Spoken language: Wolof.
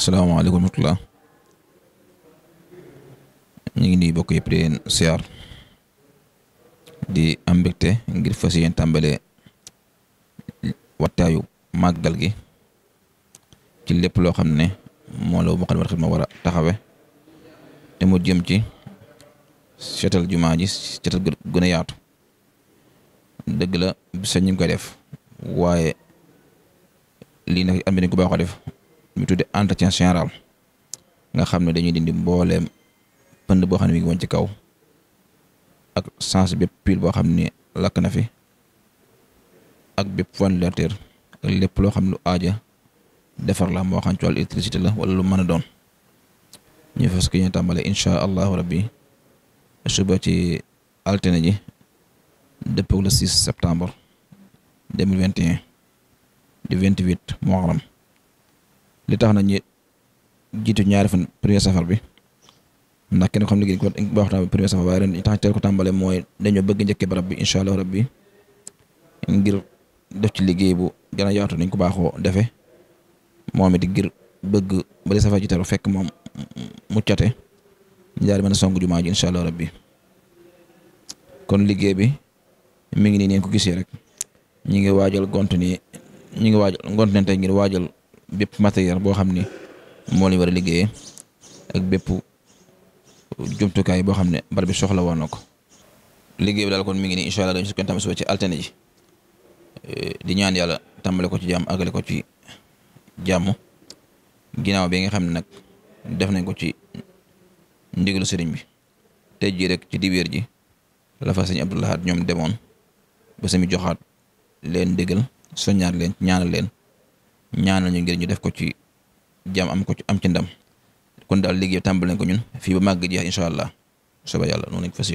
asalaamaaleykum wa rahmatulah ñu ngi nuyu bokk yëpp di siyaar di am mbégte ngir fas yéen tàmbale wattaayu màggal gi ci lépp loo xam ne moo la Moukhaddamatoul Khidma war a taxawe te mu jëm ci seetal jumaa ji seetal dëgg la sañ ñu ngi koy def waaye lii nag am na ku baaxoo def ñu tudde entretien général nga xam ne dañuy dindi mbooleem pënd boo xam ne mi ngi ci kaw ak sens bépp pile boo xam ne lakk na fi ak bépp ventilateur ak lépp loo xam ne lu aaja defar la moo xam ci wàllu wala lu mën a doon ñu fas ki ñu tàmbale incha allahu rabbi suba ci altine ji dëppoo le 6 septembre 2021 di 28 muharram li tax na ñi jiitu ñaari fan premier safar bi ndax kenn ko xam ne ko ba waxtaan bi premier safar waaye ren tax teel ko mooy dañoo bëgg njëkkee barab bi incha allah rabbi def ci liggéey bu gën yaatu nañ ko baaxoo defee moom it ngir bëgg ba li safar ji fekk moom muccate ñu daal di mën a ji incha allah rabbi kon liggéey bi mi ngi nii ngeen ko gisee rek ñu ngi waajal gont ni ngi waajal gont nañ tey ngir waajal bépp matériel boo xam ni moo lañ war a liggéeyee ak bépp jumtukaay boo xam ne bar bi soxla woon na ko liggéey bi daal kon mi ngi nii incha allah dañu si kon tam ji eh, di ñaan yàlla tàmbale ko ci jàmm àggale ko ci jàmm ginnaaw bi nga xam ne nag def nañ ko ci ndigalu sëriñ bi tey jii rek ci dibeer ji la fa ñoom demoon. ba sami joxaat leen déggal soññaat leen ñaanal leen ñaanal ñu ngir ñu def ko ci jàmm am ko ci am ci ndam kon daal liggéey tàmbali ko ñun fii ba màgg jeex incha allah soba yàlla noonu lañ ko fas